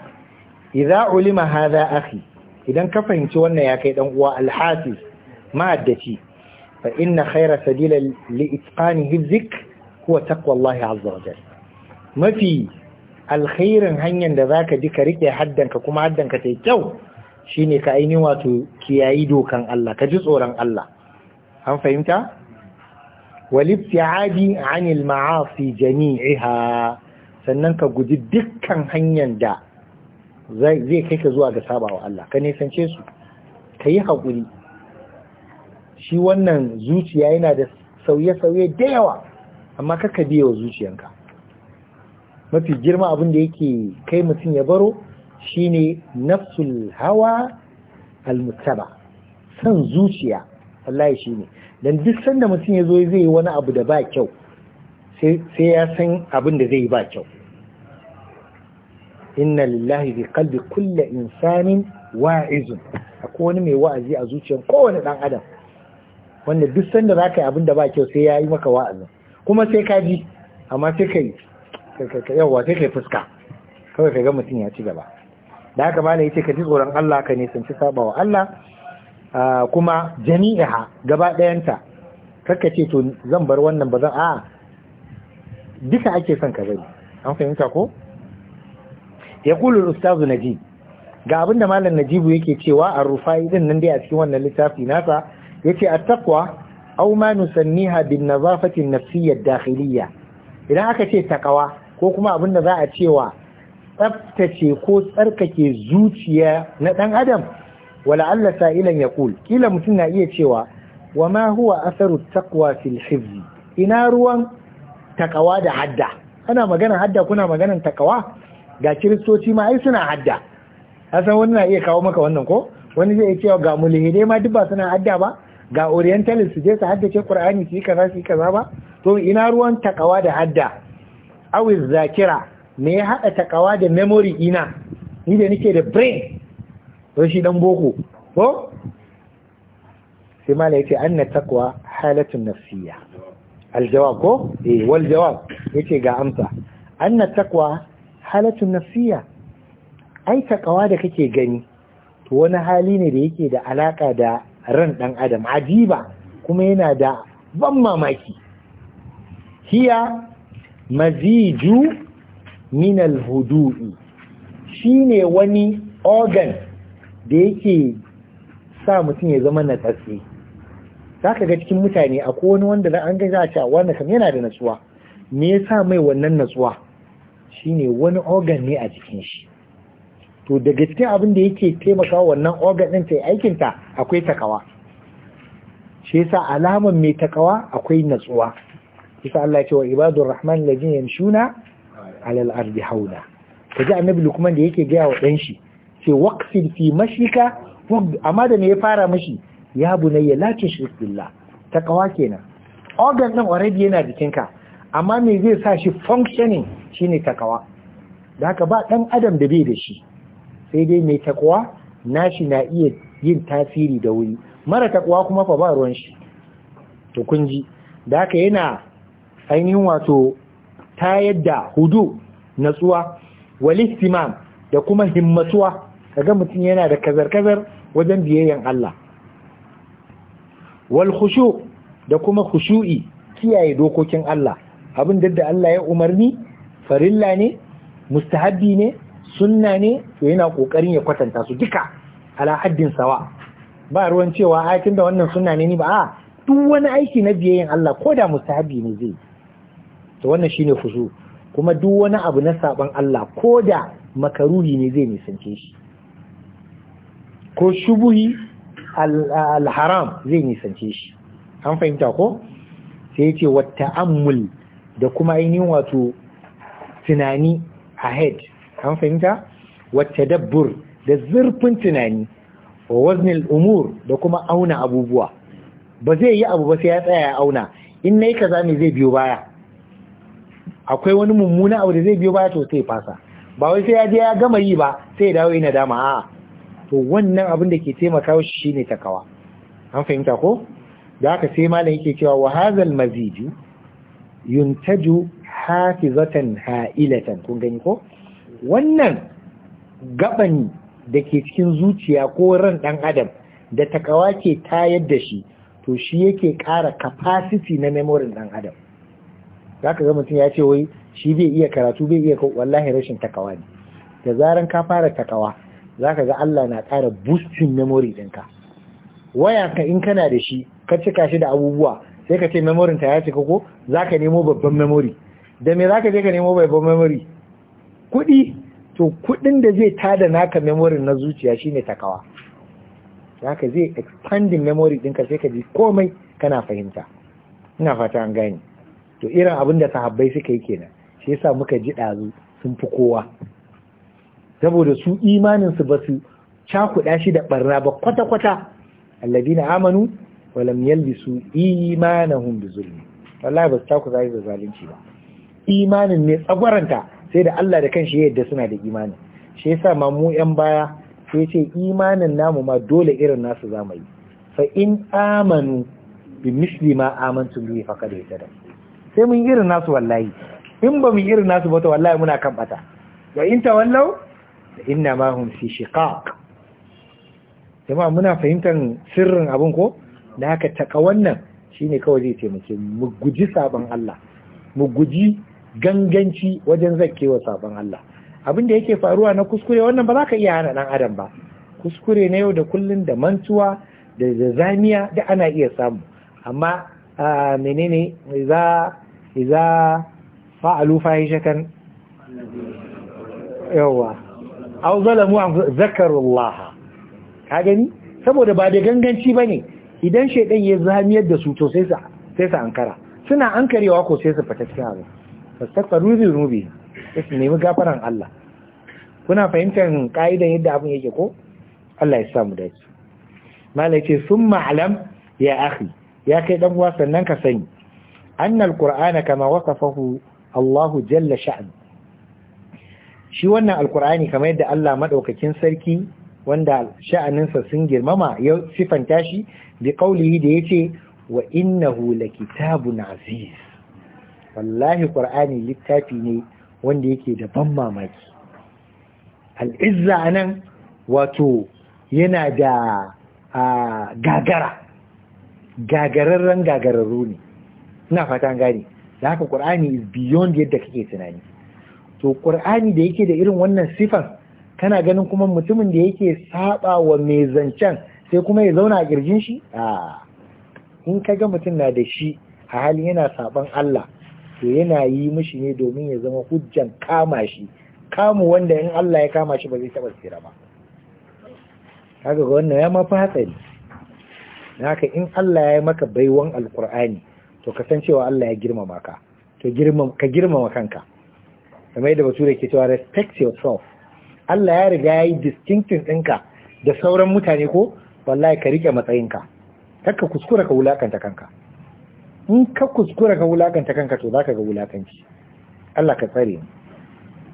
[SPEAKER 1] idza ulima hadha akhi idan ka fahimci wannan ya kai dan uwa alhafi ma'addaci fa inna khayra sabila li itqanihi dhikr huwa taqwallahi azza wa jalla mafi alkhairin hanyar da zaka ji ka rike haddanka kuma haddanka tai kyau shine ka ainihin wato kiyayi dokan Allah ka ji tsoron Allah an fahimta walibtiadi anil ma'asi jami'iha sannan ka guji dukkan hanyar da zai kai ka zuwa ga sabawa Allah ka nisance su ka yi haƙuri shi wannan zuciya yana da sauye-sauye da yawa amma kaka biya wa zuciyanka mafi girma abin da yake kai mutum ya baro shine nafsul hawa almutaba san zuciya wallahi shine dan duk sanda mutum ya zo zai yi wani abu da ba kyau sai ya san abin da zai yi ba kyau inna lillahi bi qalbi kulli insanin wa'izun akwai wani mai wa'azi a zuciyar kowane dan adam wanda duk sanda zaka yi abin da ba kyau sai ya yi maka wa'azi, kuma sai ka ji amma sai kai yawa sai kai fuska kawai ka ga mutum ya ci gaba da haka malam yace ka ji tsoron Allah ka nisanci sabawa Allah kuma jami'a gaba ɗayanta karka ce to zan bar wannan ba zan a duka ake son ka bari an fahimta ko ya kulu ustazu najib ga abinda da malam najibu yake cewa a rufai din nan dai a cikin wannan littafi nasa yace at-taqwa aw ma nusanniha bin nazafati an-nafsiyya ad-dakhiliyya idan aka ce takawa ko kuma abinda za a cewa tsabtace ko tsarkake zuciya na ɗan adam wala Allah sa'ilan ya ƙul kila mutum na iya cewa wa ma huwa asaru taqwa fil hifzi ina ruwan takawa da hadda ana magana hadda kuna maganan takawa ga kiristoci ma ai suna hadda asan wani na iya kawo maka wannan ko wani zai cewa ga mulhidai ma duk ba suna hadda ba ga orientalist su je su haddace qur'ani su yi kaza su yi kaza ba to ina ruwan takawa da hadda awiz zakira me ya haɗa takawa da memory ina ni da nike da brain don shi ɗan boko ko sai mala an na takwa halatun nafsiyya aljawab ko eh wal jawab yace ga amsa na takwa halatun nafsiyya ai takawa da kake gani to wani hali ne da yake da alaka da ran ɗan adam ajiba kuma yana da ban mamaki hiya maziju Ninal al-hudu'i shine wani organ da yake sa mutum ya zama na tsatsi ga cikin mutane akwai wani wanda da an ga za a ce wannan kam yana da natsuwa me yasa mai wannan natsuwa shine wani organ ne a cikin shi to daga cikin abin da yake taimakawa wannan organ din ta aikin ta akwai takawa shi yasa alaman mai takawa akwai natsuwa yasa Allah ya ce wa ibadur rahman ladina yamshuna alal ardi hauna kaji annabi lukman da yake gaya wa ɗan shi ce waqsid fi mashika amma da me ya fara mashi ya bunayya la tushrik billah takawa kenan organ din already yana jikinka amma me zai sa shi functioning shine takawa da haka ba dan adam da bai da shi sai dai mai takwa nashi na iya yin tasiri da wuri mara takwa kuma fa ba ruwan shi to kun ji da haka yana ainihin wato tayar da hudu natsuwa walistimam da kuma himmatuwa kaga mutum yana da kazar-kazar wajen biyayyan Allah wal khushu da kuma khushu'i kiyaye dokokin Allah abin da da Allah ya umarni farilla ne mustahabbi ne sunna ne to yana kokarin ya kwatanta su duka ala haddin sawa ba ruwan cewa a da wannan sunna ne ni ba a duk wani aiki na biyayyan Allah ko da mustahabbi ne zai to wannan shine khushu kuma duk wani abu na saban Allah ko da makaruhi ne zai nisance shi ko shubuhi al-haram zai nisance shi an fahimta ko sai yace wa ta'ammul da kuma ainihin wato tunani ahead an fahimta wa tadabbur da zurfin tunani wa waznil umur da kuma auna abubuwa ba zai yi abu ba sai ya tsaya ya auna in nayi kaza me zai biyo baya akwai wani mummuna abu da zai biyo baya to sai fasa ba wai sai ya je ya gama yi ba sai ya dawo yana dama a to wannan abin da ke taimaka shi shine takawa an fahimta ko da aka sai malam yake cewa wa hazal maziju yuntaju hafizatan ha'ilatan kun gani ko wannan gaban da ke cikin zuciya ko ran ɗan adam da takawa ke tayar da shi to shi yake ƙara capacity na memorin ɗan adam za ka ga mutum ya ce wai shi bai iya karatu bai iya wallahi rashin takawa ne da zaran ka fara takawa za ka ga Allah na ƙara bustin memory ɗinka waya ka in kana da shi ka cika shi da abubuwa sai ka ce memory ta ya cika ko za ka nemo babban memory da me za ka je ka nemo babban memory kuɗi to kuɗin da zai tada naka memory na zuciya shine takawa ka zai expanding memory ɗinka sai ka ji komai kana fahimta ina fata an gane to irin abin da sahabbai suka yi kenan shi yasa muka ji dazu sun fi kowa saboda su imaninsu ba su cakuɗa shi da barna ba kwata-kwata alladina amanu lam yalbisu imanahum bi zulm wallahi ba su cakuɗa shi da zalunci ba imanin ne tsagwaranta sai da Allah da kanshi ya yadda suna da imani shi yasa ma mu yan baya sai ce imanin namu ma dole irin nasu zamani yi fa in amanu bi misli ma amantu bihi faqad sai mun irin nasu wallahi in ba mun irin nasu ba wallahi muna kan bata wa in wallau inna ma hum fi shiqaq jama'a muna fahimtar sirrin abin ko da haka taka wannan shine kawai zai taimake mu guji sabon Allah mu guji ganganci wajen zakkewa sabon Allah abin da yake faruwa na kuskure wannan ba za ka iya hana dan adam ba kuskure na yau da kullun da mantuwa da zamiya da ana iya samu amma ah, menene za iza fa'alu fahishatan yawa aw zalamu an zakarullah ka gani saboda ba da ganganci bane idan shedan ya zamiyar yadda su to sai sa sai sa ankara suna ankarewa ko sai su fita cikin abu fastaghfiru dhunubi sai nemi gafaran Allah kuna fahimtar ka'idan yadda abin yake ko Allah ya samu dace malai ce sun ma'alam ya akhi ya kai dan uwa sannan ka sani أن القرآن كما وصفه الله جل شأن shi wannan alkur'ani kamar yadda Allah madaukakin sarki wanda sha'aninsa sun girmama ya sifanta shi bi qaulihi da yace wa innahu lakitabun aziz wallahi qur'ani littafi ne wanda yake da ban mamaki al'izza nan wato yana da gagara gagararren gagararru ne ina fata an gane da haka qur'ani is beyond yadda kake tunani to qur'ani da yake da irin wannan sifan kana ganin kuma mutumin da yake saba wa mai zancen sai kuma ya zauna a kirjin shi a in ka ga mutum na da shi a halin yana saban Allah to yana yi mishi ne domin ya zama hujjan kama shi kamu wanda in Allah ya kama shi ba zai taba tsira ba kaga ga wannan ya mafi hatsari haka in Allah ya maka baiwan alkur'ani to ka san cewa Allah ya girmama ka to ka girmama kanka kamar da bature ke cewa respect yourself Allah ya riga ya yi distinctin ɗinka da sauran mutane ko wallahi ka rike matsayinka ka kuskura ka wulakanta kanka in ka kuskura ka wulakanta kanka to zaka ga wulakanci Allah ka tsare mu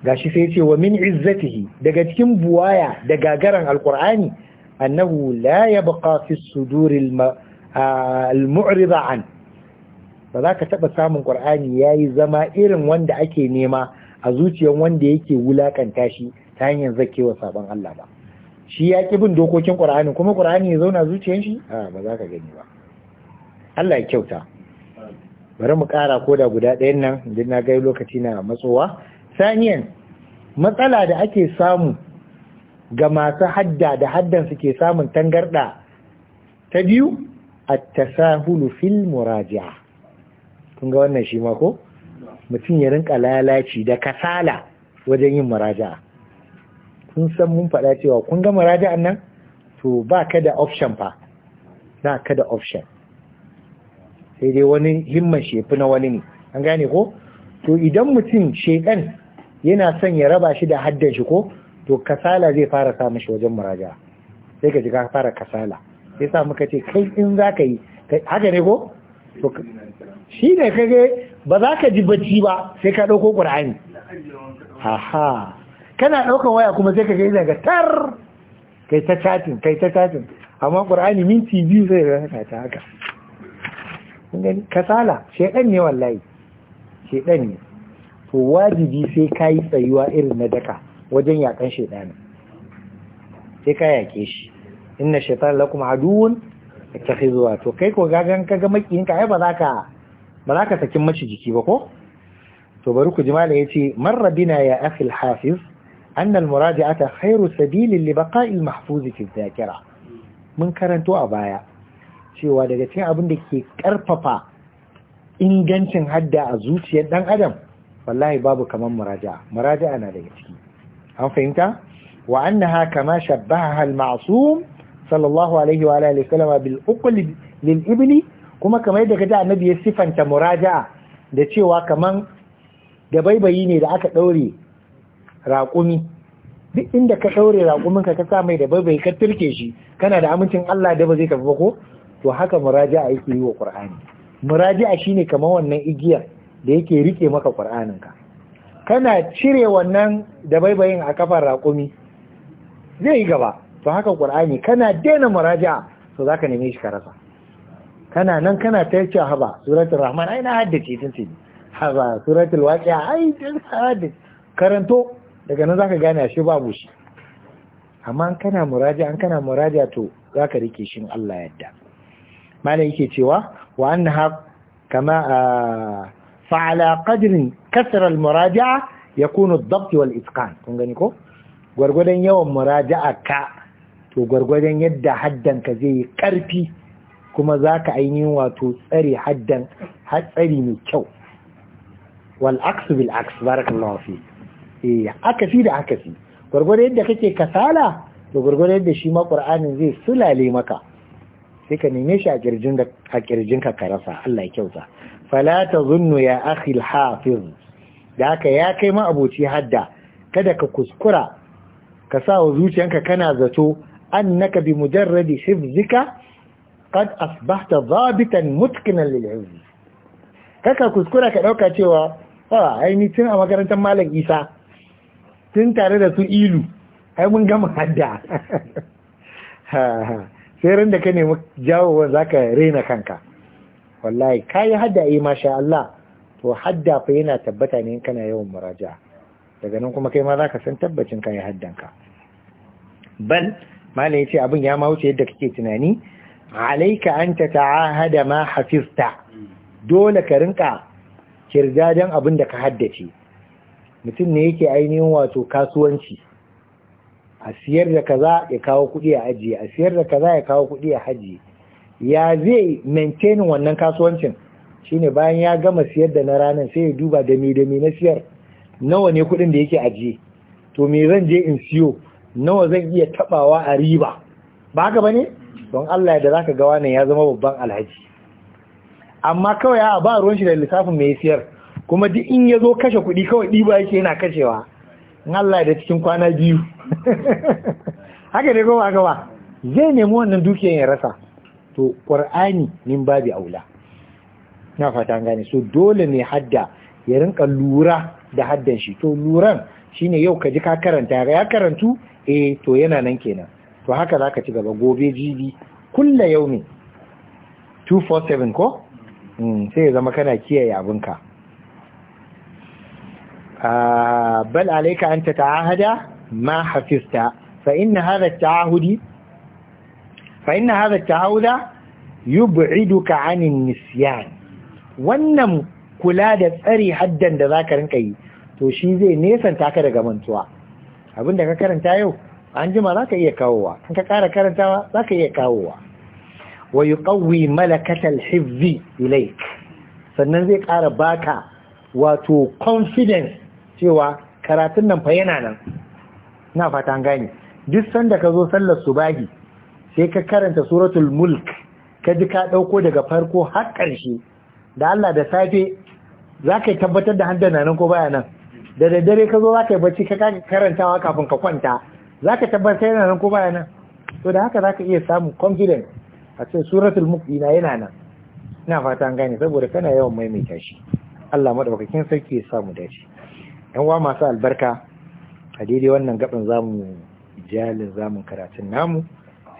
[SPEAKER 1] gashi sai ce wa min izzatihi daga cikin buwaya da gagaran alqur'ani annahu la yabqa fi al mu'rida an ba za ka taɓa samun ƙur'ani ya yi zama irin wanda ake nema a zuciyar wanda yake wulaƙanta shi ta hanyar zakewa sabon Allah ba shi ya ƙi bin dokokin ƙur'ani kuma ƙur'ani ya zauna zuciyar shi a ba za ka gani ba Allah ya kyauta bari mu ƙara ko da guda ɗayan nan idan na gai lokaci na matsowa saniyan matsala da ake samu ga masu hadda da haddan suke samun tangarɗa ta biyu at-tasahulu fil muraji'a kun ga wannan shi ma ko mutum ya rinka lalaci da kasala wajen yin muraja'a kun san mun faɗa cewa kun ga muraja'an nan to ba ka da option fa ba ka da option sai dai wani himman shefi na wani ne an gane ko to idan mutum shekan yana son ya raba shi da haddan shi ko to kasala zai fara sa mashi wajen muraja sai ka ji ka fara kasala sai sa muka ce kai in za ka yi haka ne ko shi ne kage ba za ka ji bacci ba sai ka ɗauko ƙur'ani aha kana ɗaukan waya kuma sai ka ga ga tar kai ta chatin kai ta chatin amma ƙura'ani minti biyu sai ka saka ta haka kasala shaidan ne wallahi Shaidan ne to wajibi sai ka yi tsayuwa irin na daka wajen yakan shaidan. sai ka yake shi inna shaitan lakum aduwwun zuwa to kai ko gagan ga makiyinka ai ba za ka ba za ka sakin mashi jiki ba ko to bari ku ji malam yace marra bina ya akhi al-hafiz أن المراجعة خير سبيل لبقاء المحفوظ في الذاكرة من كرنتو cewa daga cikin abin da ke karfafa ingancin hadda a zuciyar dan adam wallahi babu kaman muraja'a muraja'a na daga ciki an fahimta wa annaha kama shabbaha al ma'sum sallallahu alaihi wa alihi wasallama bil uql lil kuma kamar yadda kaji annabi ya sifanta muraja'a da cewa kaman da baibayi ne da aka ɗaure raƙumi duk inda ka ɗaure raƙumin ka sa mai da baibayi ka turke shi kana da amincin Allah da ba zai tafi ba ko to haka muraja'a yake yi wa Qur'ani muraja'a shine kaman wannan igiyar da yake rike maka Qur'anin ka kana cire wannan da baibayin a kafar raƙumi zai yi gaba to haka ƙur'ani kana daina muraja'a to zaka neme shi ka rasa kana nan kana ta yace haba suratul rahman ai na haddace tun ce haba suratul waqi'a ai tun haddace karanto daga nan zaka gane shi babu shi amma an kana muraja an kana muraja to zaka rike shi Allah yadda malai yake cewa wa annaha kama fa'ala qadrin kasra al-muraja'a yakunu ad-dabt wal-itqan kun gani ko gwargwadon yawan muraja'a ka to gwargwadon yadda haddanka zai yi karfi kuma za ka ainihin wato tsare haddan hatsari mai kyau wal aksu barakallahu fi eh akasi da akasi gwargwado yadda kake kasala to gwargwado yadda shi ma qur'anin zai sulale maka sai ka neme shi a kirjin da a kirjin ka karasa Allah ya kyauta fala tazunnu ya akhi al hafiz da haka ya kai ma aboci hadda kada ka kuskura ka sa wa zuciyanka kana zato annaka bi mujarradi hifzika qad asbahta zabitan mutkinan lil ilmi kaka kuskura ka dauka cewa a ah, ai ni tun a makarantar malam Isa tun tare da su ilu ai mun gama hadda sai ran da ka nemi jawowa zaka rena kanka wallahi kayi hadda eh masha Allah to hadda fa yana tabbata ne kana yawan muraja daga nan kuma kai ma zaka san tabbacin kayi haddanka bal malai yace abin ya ma wuce yadda kake tunani alaika an ta ta'ahada ma hafizta dole ka rinka don abin da ka haddace mutum ne yake ainihin wato kasuwanci a siyar da kaza ya kawo kuɗi a ajiye a siyar da kaza ya kawo kuɗi a hajiye ya zai maintain wannan kasuwancin shine bayan ya gama siyar da na ranar sai ya duba da me da me na siyar nawa ne kuɗin da yake ajiye to me zan je in siyo nawa zan iya tabawa a riba ba haka bane don Allah da ka gawa ne ya zama babban alhaji amma kawai a ba ruwan shi da lissafin mai siyar kuma duk in ya zo kashe kuɗi kawai ɗiba yake yana kashewa in Allah da cikin kwana biyu haka ne kowa gaba zai nemi wannan dukiyar ya rasa to ƙwar'ani nin babi aula na fata gane so dole ne hadda ya rinka lura da haddan shi to luran shine yau ka ji ka karanta ya karantu eh to yana nan kenan to haka za ka ci gaba gobe jibi kulla yau ne 247 ko? Mm, sai ya zama kana kiyaye abinka ah, bal alaika an ta ta'ahada ma hafista fa ina hada ta'ahuda yub'iduka nisyan wannan kula da tsari haddan da za ka rinka yi to shi zai nesanta ka daga mantuwa abinda ka karanta yau an jima za ka iya kawowa in ka ƙara karantawa za ka iya kawowa wa yi ƙauwi malakatar hifzi ilaik sannan zai ƙara baka wato confidence cewa karatun nan fa yana nan na fata an duk sanda ka zo sallar su Bagi sai ka karanta suratul mulk ka ji ka ɗauko daga farko har ƙarshe da Allah da safe za ka tabbatar da hannun nan ko baya nan da daddare ka zo za ka yi bacci ka karantawa kafin ka kwanta za ka tabbatar yana nan ko ba yana to da haka za ka iya samun confidence a cikin suratul mukmina yana nan ina fata an gane saboda kana yawan maimaita shi Allah madaukakin sarki ya samu dace yan wa masu albarka a daidai wannan gaban zamu jalin zamu karatun namu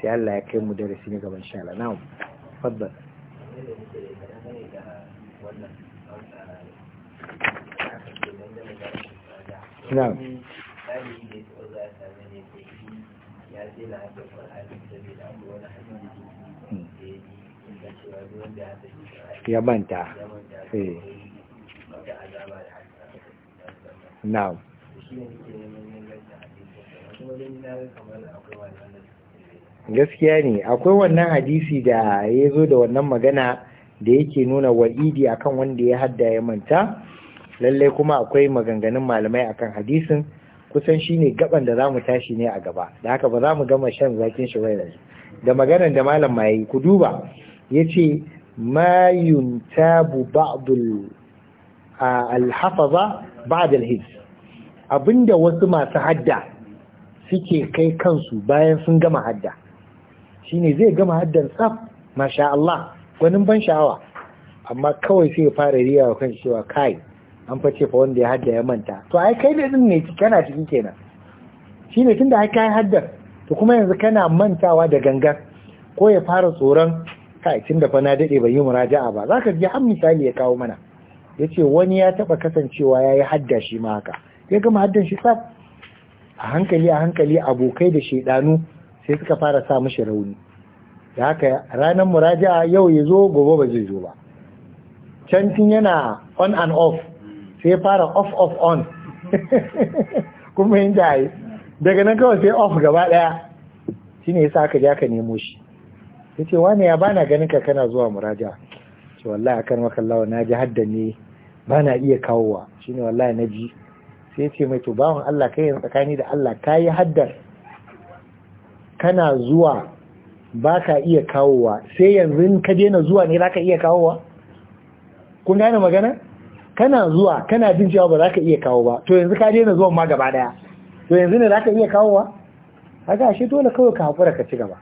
[SPEAKER 1] sai Allah ya kai mu darasi ne gaban insha Allah na'am faddal na'am Hmm. ya manta eh. gaskiya ne akwai wannan hadisi da ya zo da wannan magana da yake nuna wa'idi akan wanda ya hadda ya manta lallai kuma akwai maganganun malamai akan hadisin kusan shi ne gaban da za mu tashi ne a gaba da haka ba za mu gama shan zakin shi wai yanzu da maganar da malam ma yi ku duba ya ma yuntabu tabu ba'adul hafaza ba'adul hiz abinda wasu masu hadda suke kai kansu bayan sun gama hadda shi ne zai gama haddan tsaf masha Allah gwanin ban sha'awa amma kawai sai fara riya wa kan cewa kai an fa ce fa wanda ya hadda ya manta to ai kai ne din ne kana ciki kenan shine tunda ai kai haddar to kuma yanzu kana mantawa da gangar ko ya fara tsoron kai tun da fa na dade ban yi muraja'a ba zaka ji har misali ya kawo mana yace wani ya taɓa kasancewa yayi hadda shi ma haka ya gama haddan shi tsaf a hankali a hankali abokai da shedanu sai suka fara sa mishi rauni da haka ranar muraja'a yau ya zo gobe ba zai zo ba can yana on and off sai fara off off on kuma yin da daga nan kawai sai off gaba daya ne yasa aka ja ka nemo shi ce wani ya bana ganin ka kana zuwa muraja ce wallahi maka lawa na ji hadda ne bana iya kawowa ne wallahi na ji sai ce mai to bawon Allah kai tsakani da Allah yi haddar kana zuwa ba ka iya kawowa sai yanzu ka daina zuwa ne ka iya kawowa kun gane magana kana zuwa kana jin cewa ba za ka iya kawo ba to yanzu ka daina zuwan ma gaba daya to yanzu ne za ka iya kawowa haka ashe dole kawai ka haƙura ka ci gaba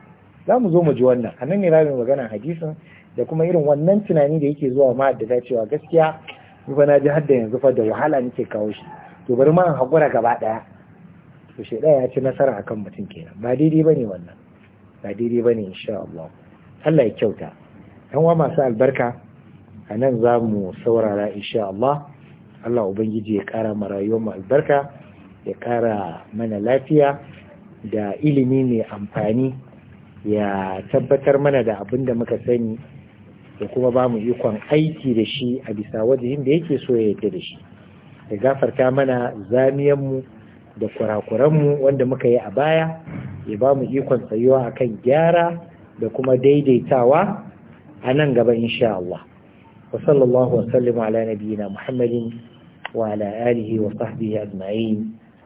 [SPEAKER 1] za mu zo mu ji wannan a nan ne za magana hadisin da kuma irin wannan tunani da yake zuwa da cewa gaskiya ni fa na ji hadda yanzu fa da wahala nake kawo shi to bari ma in haƙura gaba ɗaya to shi ɗaya ya ci nasara a kan mutum kenan ba daidai ba ne wannan ba daidai ne insha Allah Allah ya kyauta ɗan wa masu albarka a nan za mu saurara insha Allah Allah ubangiji ya ƙara ma rayuwar mu albarka ya ƙara mana lafiya da ilimi mai amfani ya tabbatar mana da abin da muka sani ya kuma ba mu ikon aiki da shi a bisa wajen da yake so ya yadda da shi ya gafarta mana zamiyanmu da kurakuranmu wanda muka yi a baya ya ba mu ikon tsayuwa a kan gyara da kuma daidaitawa a nan gaba insha Allah wa sallallahu wa ala nabiyina muhammadin wa ala alihi wa sahbihi ajma'in